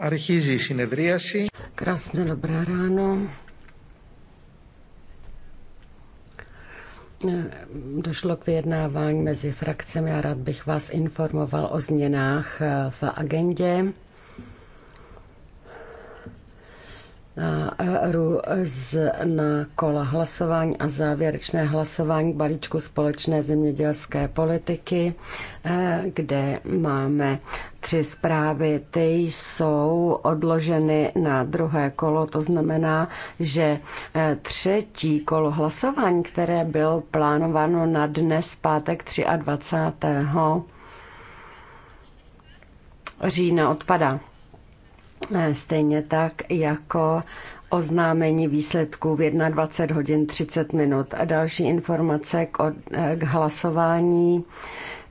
Αρχίζει η συνεδρίαση. Krásné dobré ráno. Došlo k vyjednávání mezi frakcemi a rád bych vás informoval o změnách v agendě. na, na kola hlasování a závěrečné hlasování k balíčku společné zemědělské politiky, eh, kde máme tři zprávy. Ty jsou odloženy na druhé kolo, to znamená, že eh, třetí kolo hlasování, které bylo plánováno na dnes pátek 23. října, odpadá. Eh, stejně tak jako oznámení výsledků v 21 hodin 30 minut. A další informace k, eh, k hlasování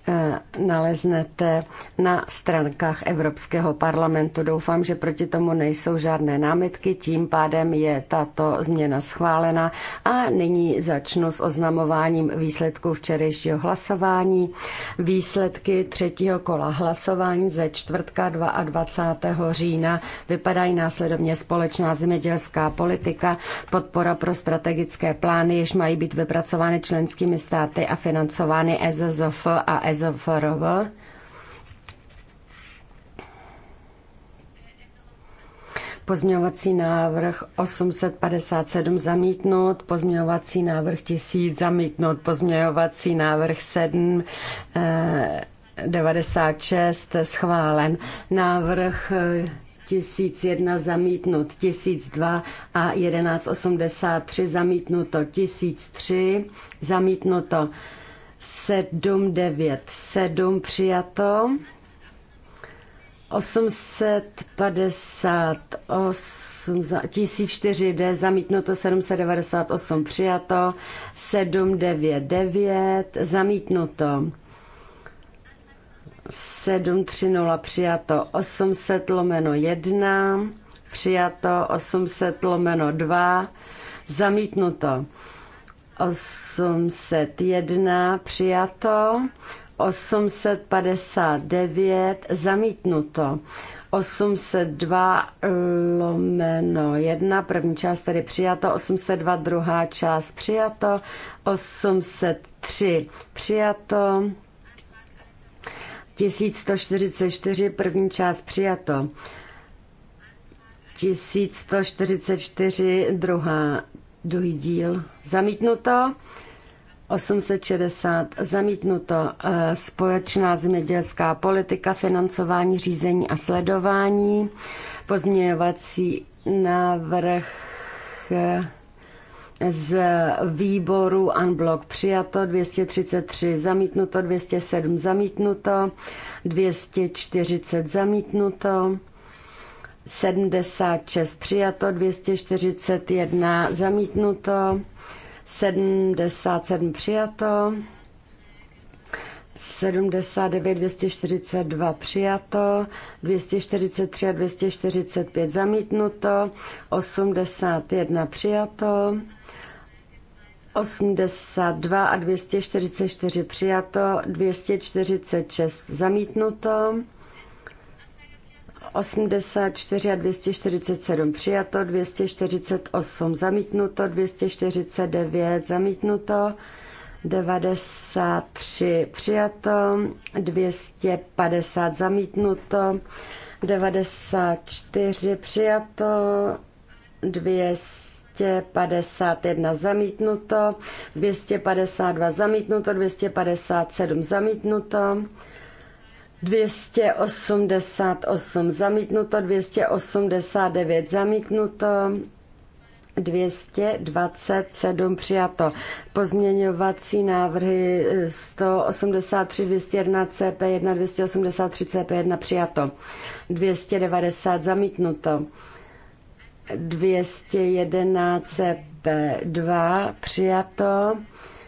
Eh, naleznete na stránkách Evropského parlamentu. Doufám, že proti tomu nejsou žádné námitky, tím pádem je tato změna schválena. A nyní začnu s oznamováním výsledků včerejšího hlasování. Výsledky třetího kola hlasování ze čtvrtka 22. října vypadají následovně společná zemědělská politika, podpora pro strategické plány, jež mají být vypracovány členskými státy a financovány EZZF a EZ Kajzofarova. Pozměňovací návrh 857 zamítnout, pozměňovací návrh 1000 zamítnout, pozměňovací návrh 7 eh, 96 schválen, návrh 1001 zamítnut, 1002 a 1183 zamítnuto, 1003 zamítnuto. 797 přijato. 858, 1004D, zamítnuto 798, přijato, 799, zamítnuto, 730, přijato, 800 lomeno 1, přijato, 800 lomeno 2, zamítnuto. 801 přijato, 859 zamítnuto, 802 eh, lomeno 1, první část tedy přijato, 802 druhá část přijato, 803 přijato, 1144 první část přijato, 1144 druhá Druhý díl zamítnuto. 860 zamítnuto eh, společná zemědělská politika, financování, řízení a sledování, pozměňovací návrh eh, z výboru Unblock přijato 233 zamítnuto, 207 zamítnuto, 240 zamítnuto, 76 přijato, 241 zamítnuto, 77 přijato, 79, 242 přijato, 243 a 245 zamítnuto, 81 přijato, 82 a 244 přijato, 246 zamítnuto, 84 a 247 přijato, 248 zamítnuto, 249 zamítnuto, 93 přijato, 250 zamítnuto, 94 přijato, 200 251 zamítnuto, 252 zamítnuto, 257 zamítnuto, 288 zamítnuto, 289 zamítnuto, 227 přijato. Pozměňovací návrhy 183, 201 CP1, 283 CP1 přijato. 290 zamítnuto. 211 CP2 přijato.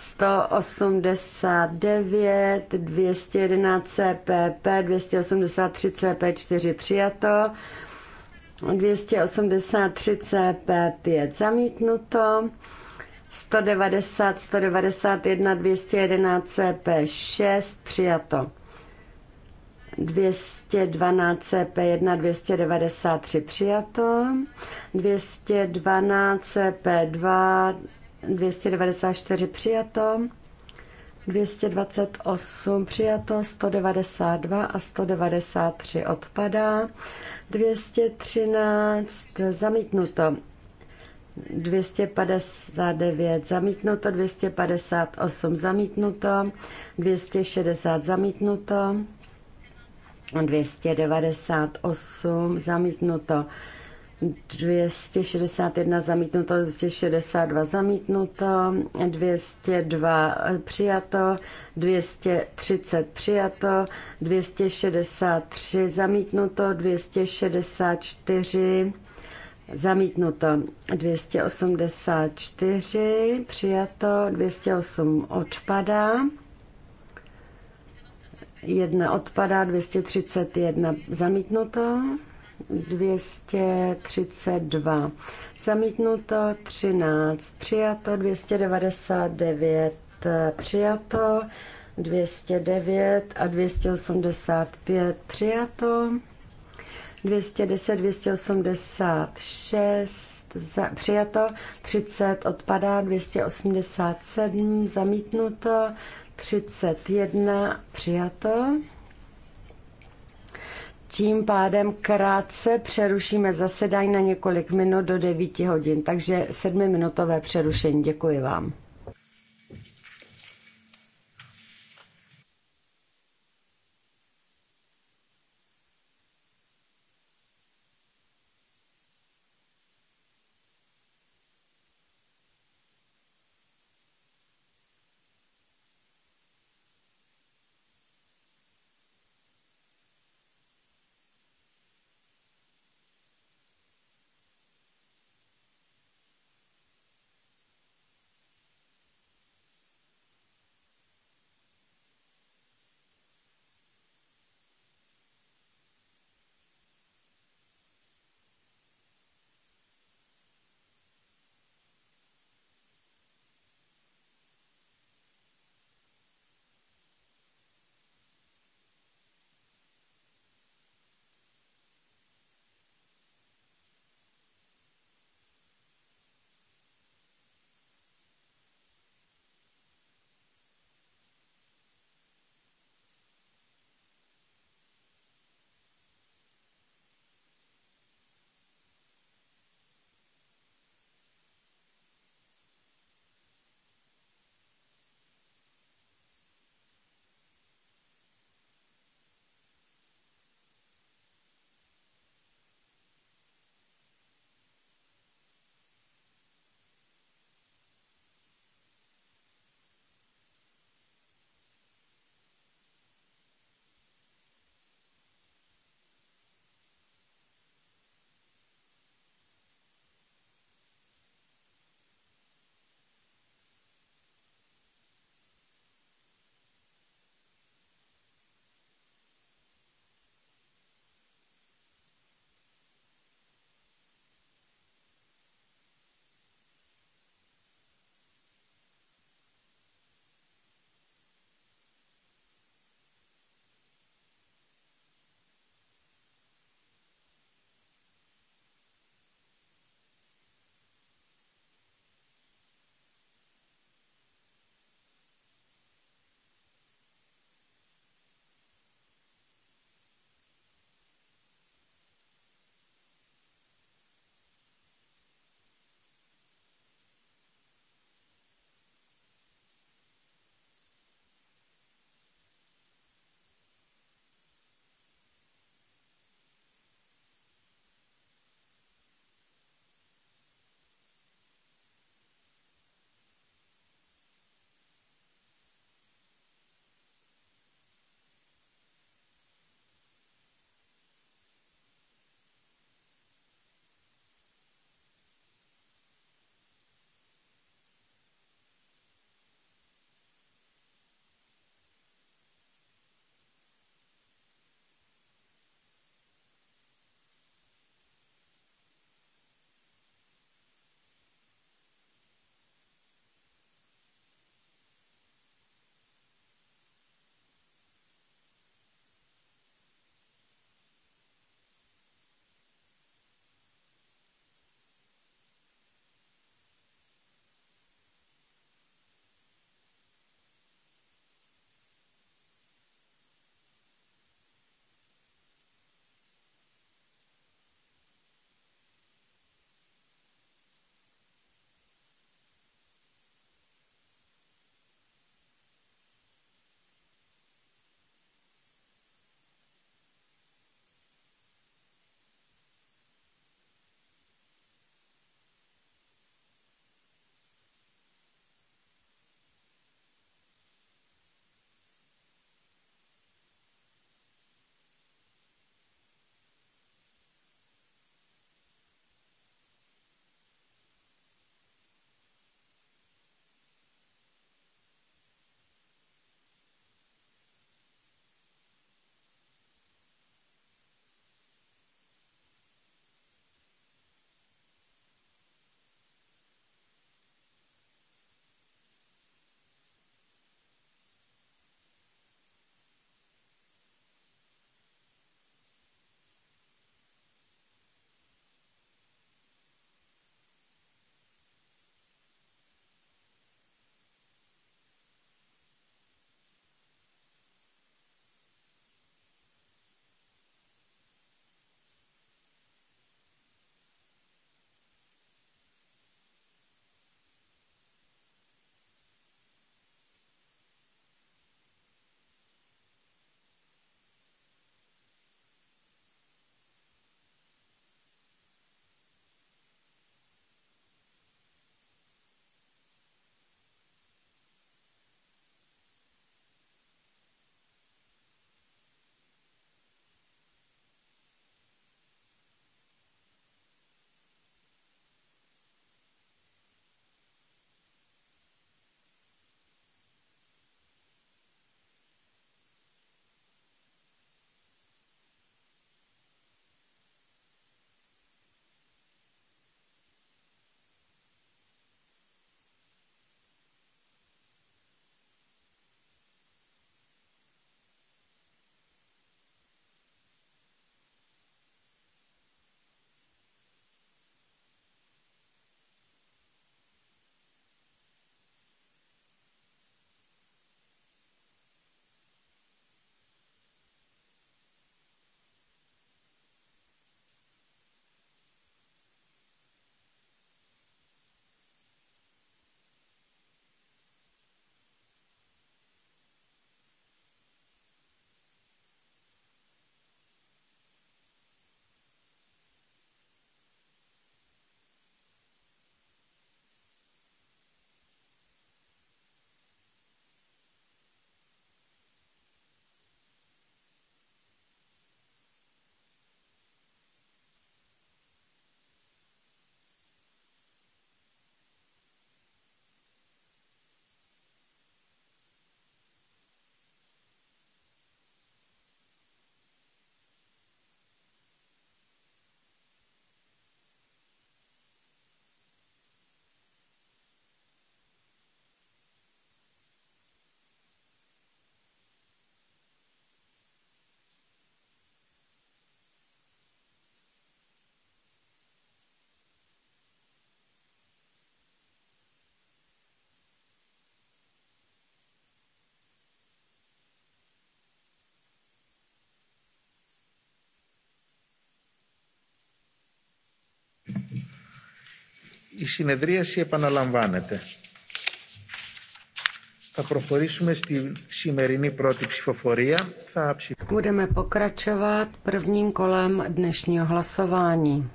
189, 211 CPP, 283 CP4 přijato, 283 CP5 zamítnuto, 190, 191, 211 CP6 přijato. 212 CP1 293 přijato, 212 CP2 294 přijato, 228 přijato, 192 a 193 odpadá, 213 zamítnuto, 259 zamítnuto, 258 zamítnuto, 260 zamítnuto, 298 zamítnuto, 261 zamítnuto, 262 zamítnuto, 202 přijato, 230 přijato, 263 zamítnuto, 264 zamítnuto, 284 přijato, 208 odpadá. 1 odpadá, 231 zamítnuto. 232. Zamítnuto 13. Přijato 299. Přijato 209 a 285. Přijato 210, 286. Za, přijato 30 odpadá 287 zamítnuto 31 přijato tím pádem krátce přerušíme zasedání na několik minut do 9 hodin, takže sedmiminutové přerušení. Děkuji vám. η συνεδρίαση επαναλαμβάνεται. Θα προχωρήσουμε στη σημερινή πρώτη ψηφοφορία. Θα Budeme pokračovat prvním kolem dnešního hlasování.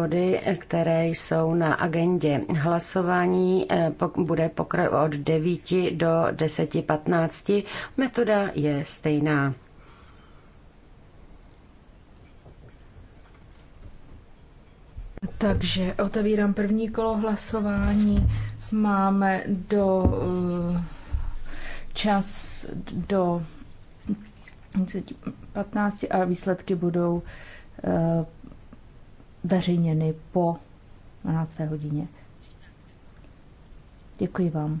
Body, které jsou na agendě. Hlasování eh, bude pokračovat od 9 do 10.15. Metoda je stejná. Takže otevírám první kolo hlasování. Máme do eh, čas do 15 a výsledky budou eh, veřejněny po 12. hodině. Děkuji vám.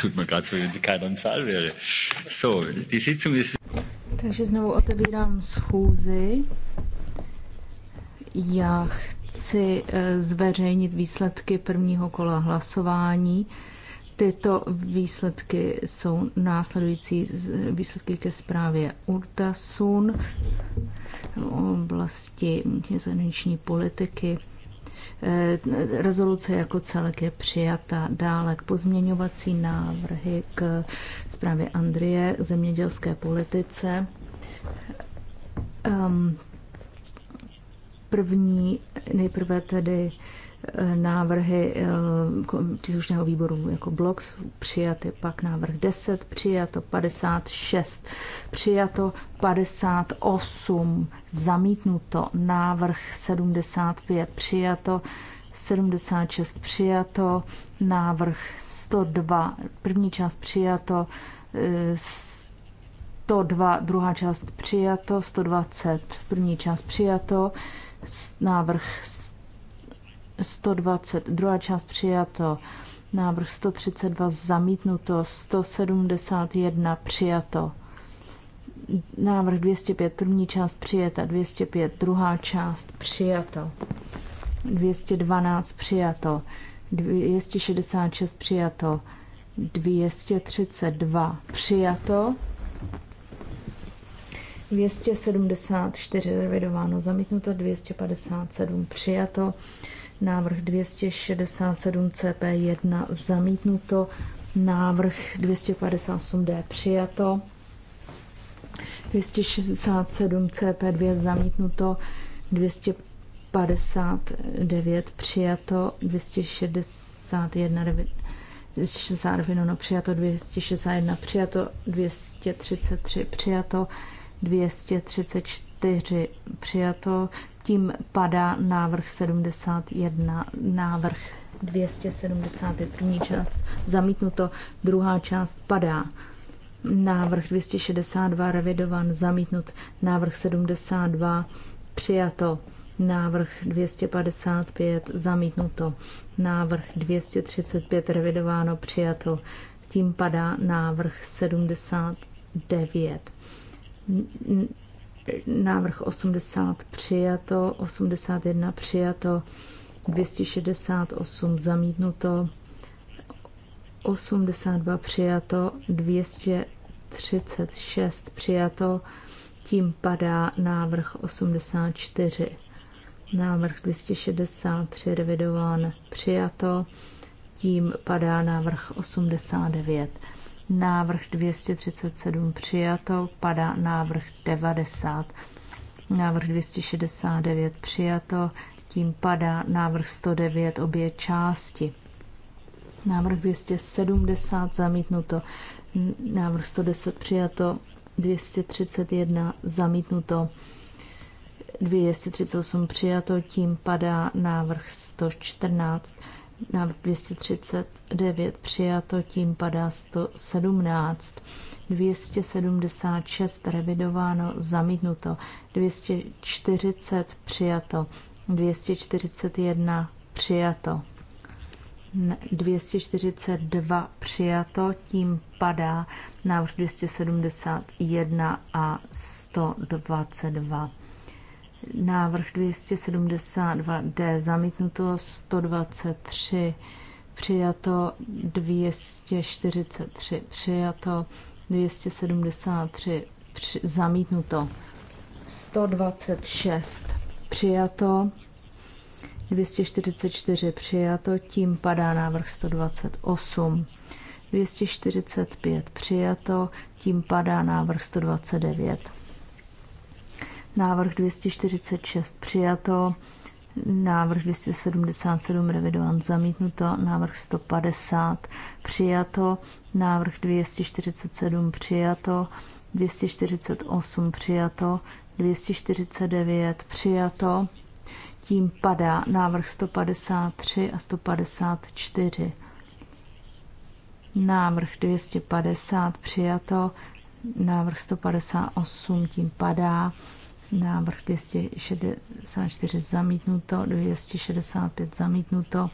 tut gerade so, wenn keiner im Saal wäre. So, die Sitzung ist... Takže znovu otevírám schůzi. Já chci eh, zveřejnit výsledky prvního kola hlasování. Tyto výsledky jsou následující výsledky ke zprávě Urtasun v oblasti zahraniční politiky. Eh, rezoluce jako celek je přijata dále k pozměňovací návrhy k zprávě Andrie k zemědělské politice. Um, první, nejprve tedy návrhy eh, příslušného výboru jako blok přijaty, pak návrh 10 přijato, 56 přijato, 58 zamítnuto, návrh 75 přijato, 76 přijato, návrh 102 první část přijato, 102 eh, druhá část přijato, 120 první část přijato, návrh 100 120, druhá část přijato, návrh 132 zamítnuto, 171 přijato, návrh 205 první část přijata, 205 druhá část přijato, 212 přijato, 266 přijato, 232 přijato, 274 revidováno, zamítnuto 257 přijato, Návrh 267 CP1 zamítnuto. Návrh 258D přijato. 267 CP2 zamítnuto. 259 přijato. 261 260 no, no, přijato, 261 přijato, 233 přijato, 234 přijato, tím padá návrh 71, návrh 270 je první část zamítnuto, druhá část padá. Návrh 262 revidovan, zamítnut, návrh 72 přijato, návrh 255 zamítnuto, návrh 235 revidováno, přijato, tím padá návrh 79 návrh 80 přijato, 81 přijato, 268 zamítnuto, 82 přijato, 236 přijato, tím padá návrh 84. Návrh 263 revidován přijato, tím padá návrh 89. Návrh 237 přijato, padá návrh 90. Návrh 269 přijato, tím padá návrh 109 obě části. Návrh 270 zamítnuto, návrh 110 přijato, 231 zamítnuto, 238 přijato, tím padá návrh 114 Návrh 239 přijato, tím padá 117. 276 revidováno, zamítnuto. 240 přijato. 241 přijato. 242 přijato, tím padá návrh 271 a 122 návrh 272D zamítnuto 123 přijato 243 přijato 273 při, zamítnuto 126 přijato 244 přijato tím padá návrh 128 245 přijato tím padá návrh 129 návrh 246 přijato, návrh 277 revidován zamítnuto, návrh 150 přijato, návrh 247 přijato, 248 přijato, 249 přijato, tím padá návrh 153 a 154. Návrh 250 přijato, návrh 158 tím padá, Návrh 264 zamítnuto, 265 zamítnuto,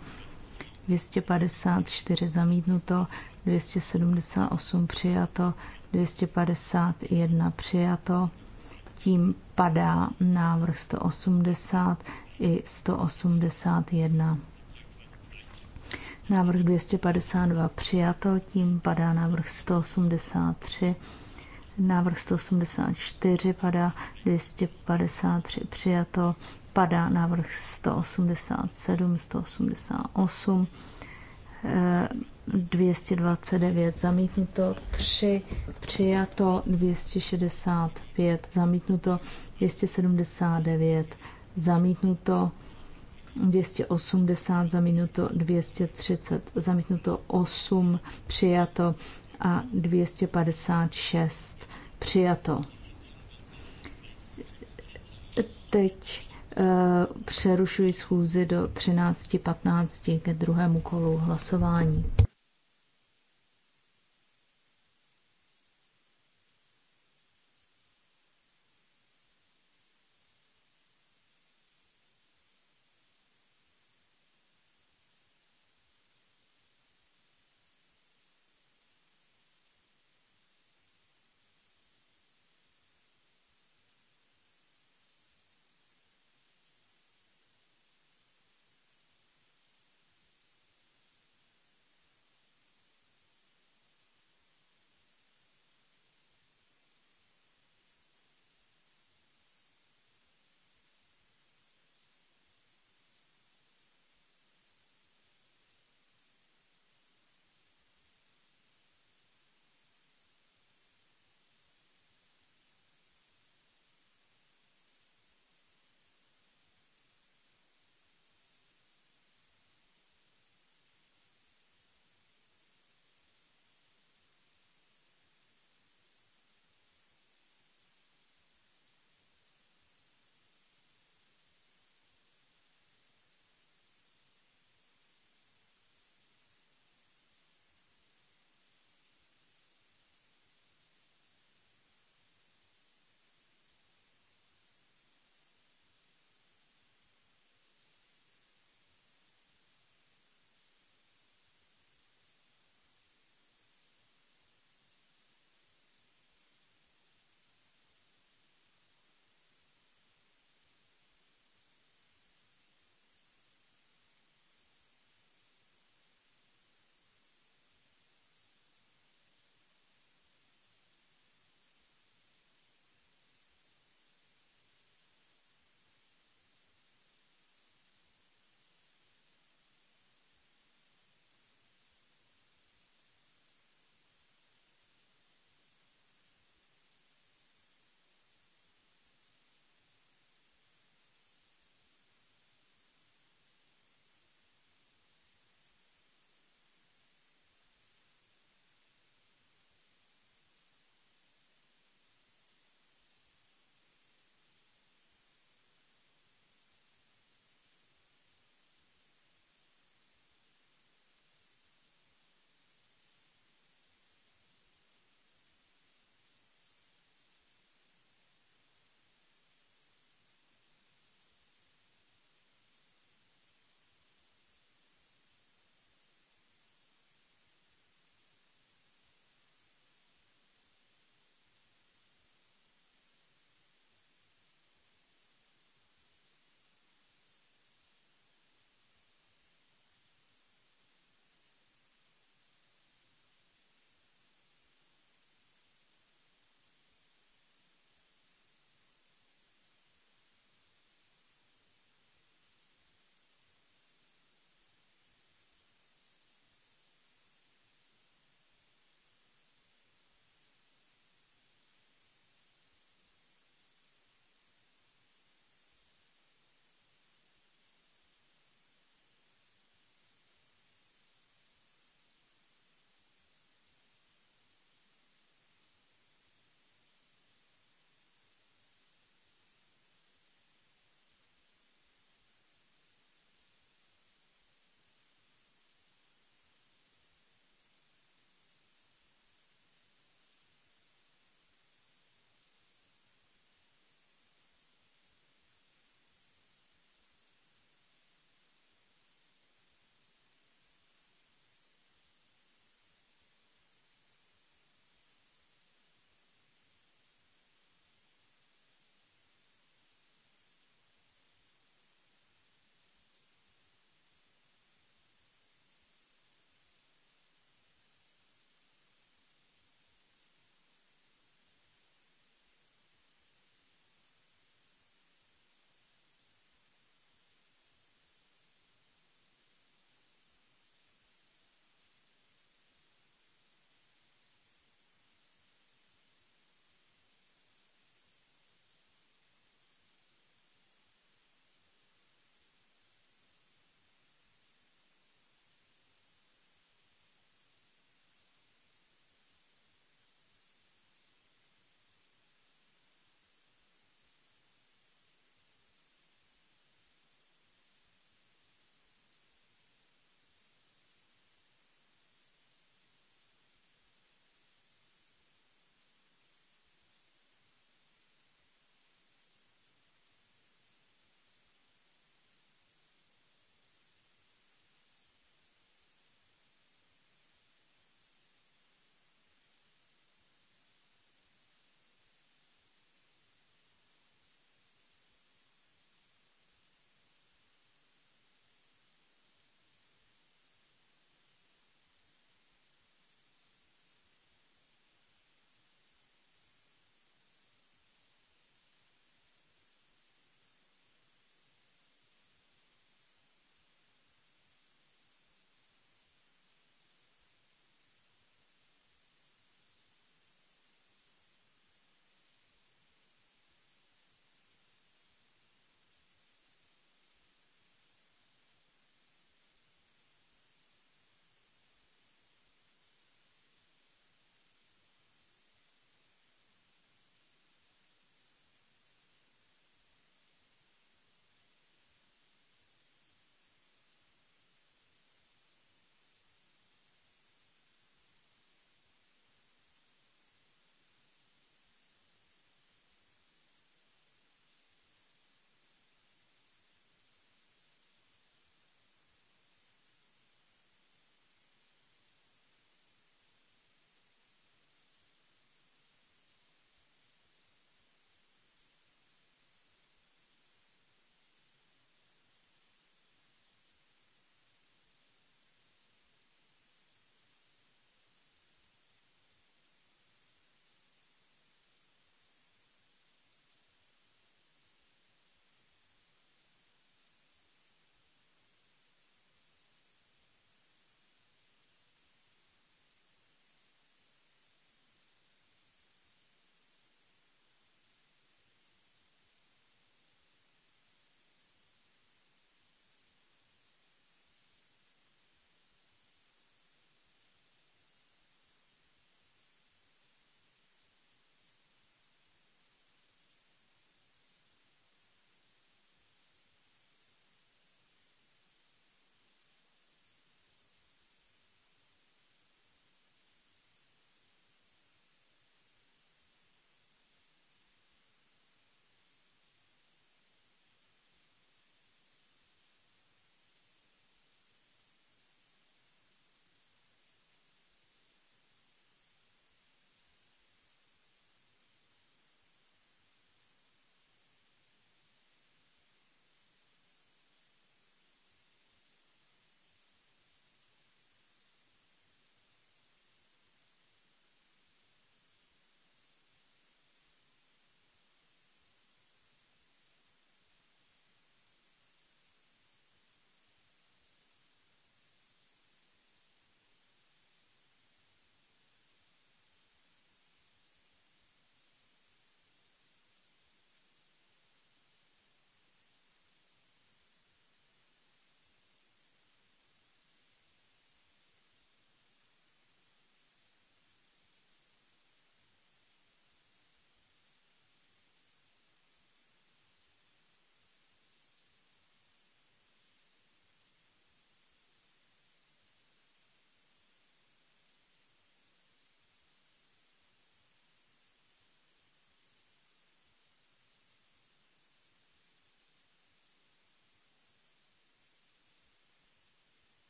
254 zamítnuto, 278 přijato, 251 přijato. Tím padá návrh 180 i 181. Návrh 252 přijato, tím padá návrh 183 Návrh 184 padá, 253 přijato, padá návrh 187, 188, 229 zamítnuto, 3 přijato, 265 zamítnuto, 279 zamítnuto, 280 zamítnuto, 230 zamítnuto, 8 přijato a 256 Přijato. Teď eh, přerušuji schůzi do 13.15 ke druhému kolu hlasování.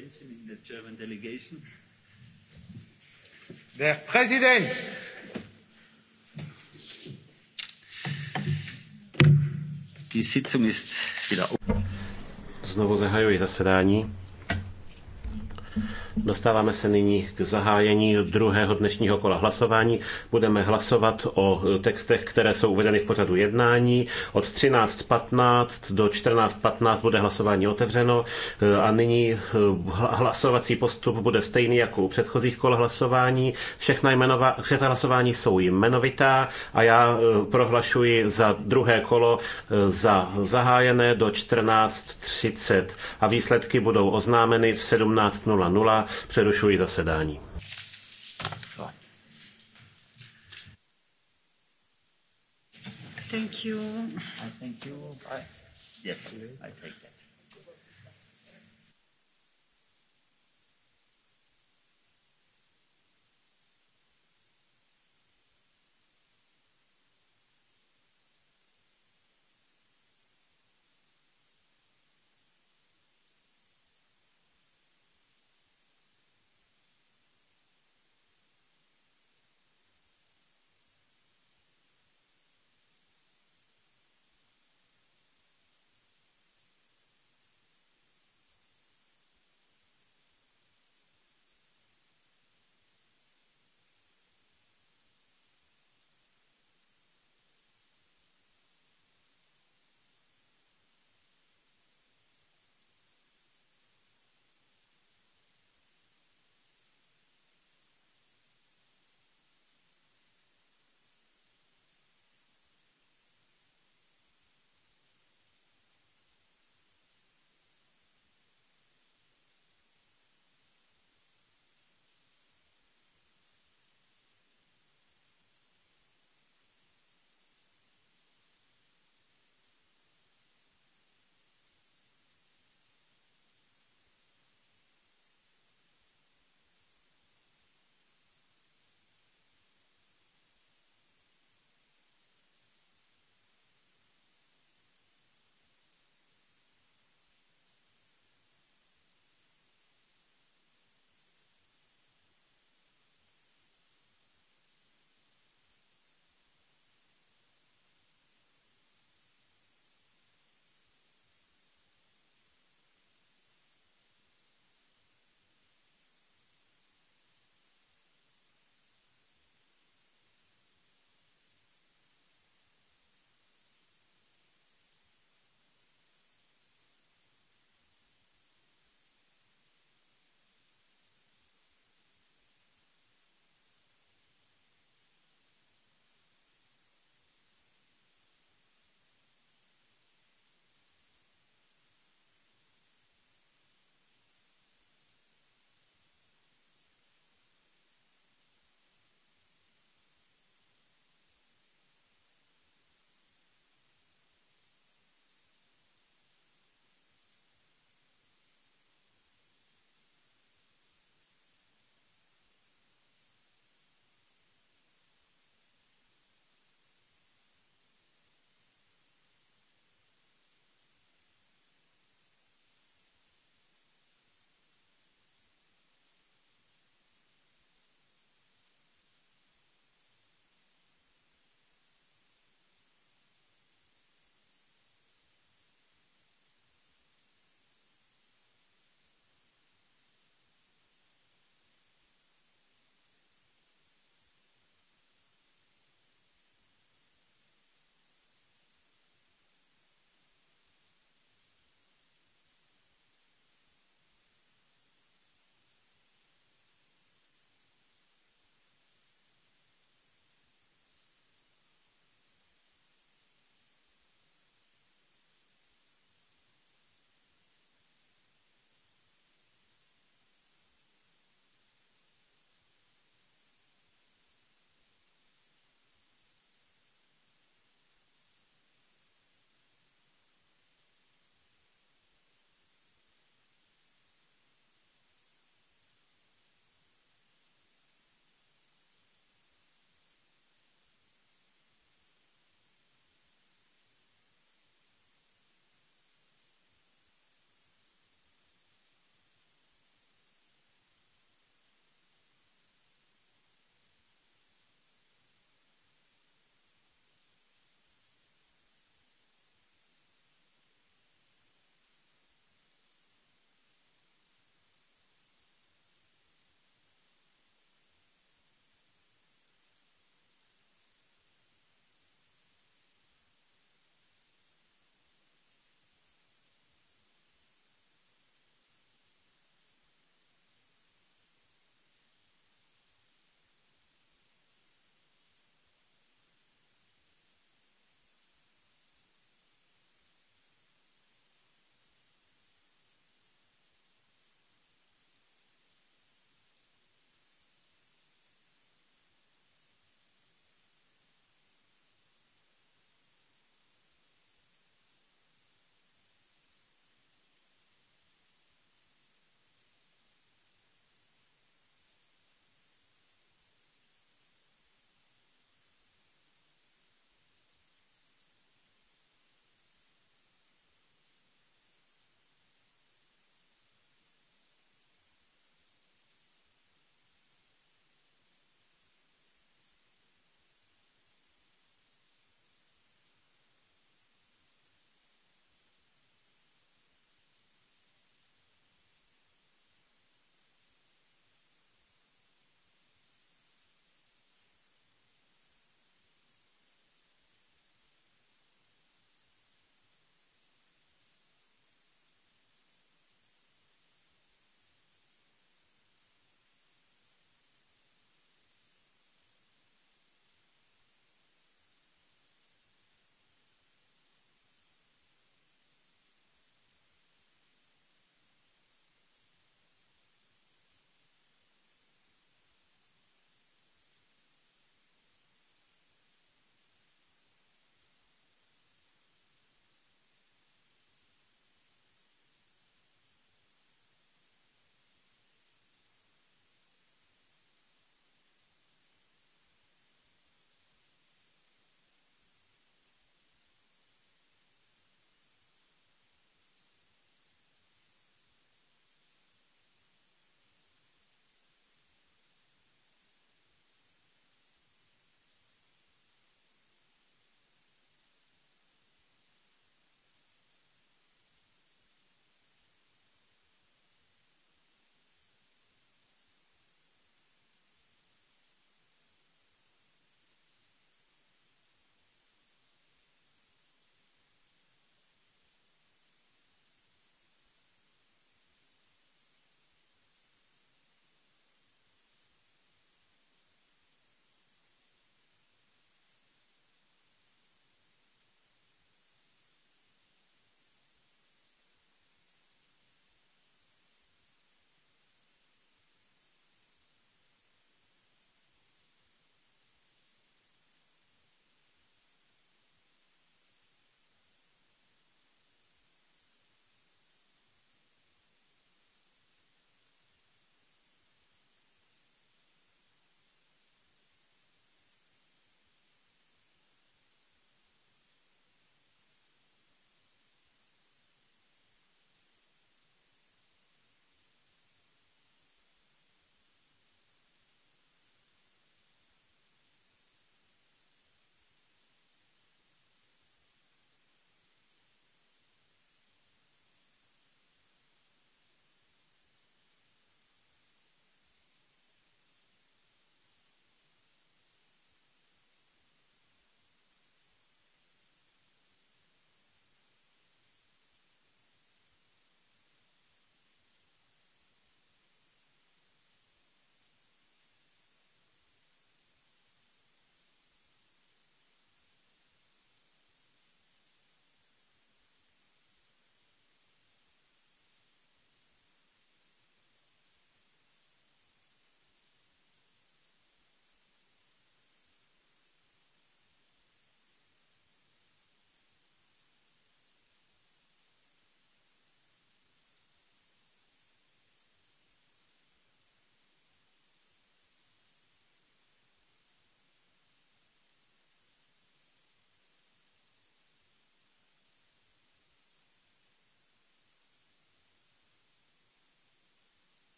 Belgium in the German delegation. Der Präsident! Die Sitzung ist wieder Znovu zahajuji zasedání. Dostáváme se nyní k zahájení druhého dnešního kola hlasování. Budeme hlasovat o textech, které jsou uvedeny v pořadu jednání. Od 13.15 do 14.15 bude hlasování otevřeno a nyní eh, hlasovací postup bude stejný jako u předchozích kol hlasování. Všechna, jmenová, všechna hlasování jsou jmenovitá a já eh, prohlašuji za druhé kolo eh, za zahájené do 14.30 a výsledky budou oznámeny v 17.00 Přerušuji zasedání. Thank you. I thank you. I... Yes, I take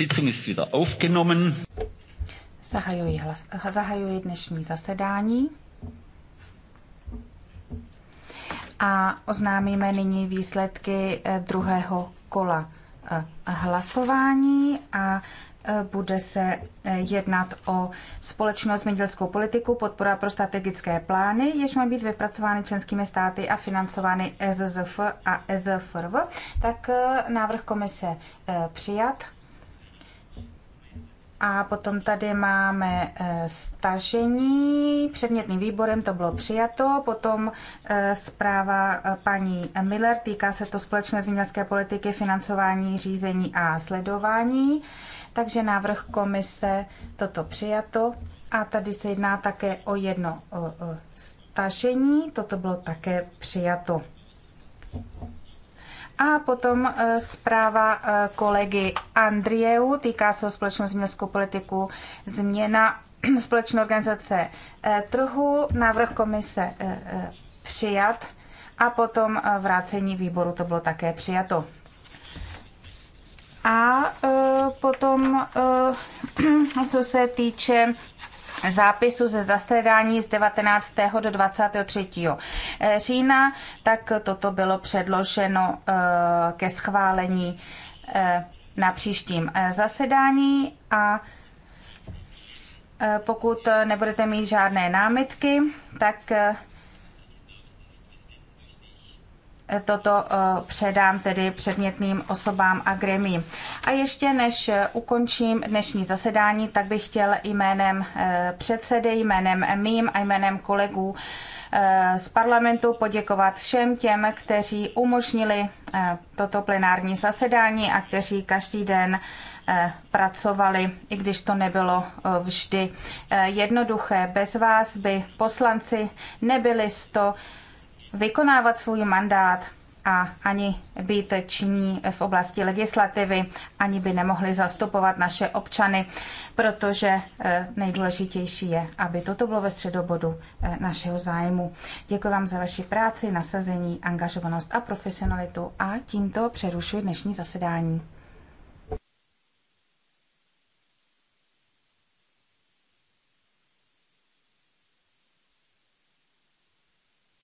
Sitzung ist wieder aufgenommen. Zahajuji, hlas, zahajuji dnešní zasedání a oznámíme nyní výsledky eh, druhého kola eh, hlasování a eh, bude se jednat o společnou zemědělskou politiku, podpora pro strategické plány, jež mají být vypracovány členskými státy a financovány SZF a SZFRV. tak návrh komise přijat a potom tady máme eh, stažení předmětným výborem, to bylo přijato. Potom eh, zpráva eh, paní Miller, týká se to společné zemědělské politiky, financování, řízení a sledování. Takže návrh komise toto přijato. A tady se jedná také o jedno stažení, toto bylo také přijato. A potom eh, zpráva eh, kolegy Andrieu, týká se o společnou zemědělskou politiku, změna společné organizace eh, trhu, návrh komise přijat a potom vrácení výboru, to bylo také přijato. A potom, co se týče zápisu ze zasedání z 19. do 23. Eh, října, tak toto bylo předloženo eh, ke schválení eh, na příštím zasedání a pokud nebudete mít žádné námitky, tak toto eh, předám tedy předmětným osobám a gremím. A ještě než eh, ukončím dnešní zasedání, tak bych chtěl jménem eh, předsedy, jménem mým a jménem kolegů z parlamentu poděkovat všem těm, kteří umožnili toto plenární zasedání a kteří každý den pracovali, i když to nebylo vždy jednoduché. Bez vás by poslanci nebyli 100 vykonávat svůj mandát a ani být činí v oblasti legislativy, ani by nemohli zastupovat naše občany, protože eh, nejdůležitější je, aby toto bylo ve středobodu eh, našeho zájmu. Děkuji vám za vaši práci, nasazení, angažovanost a profesionalitu a tímto přerušuji dnešní zasedání.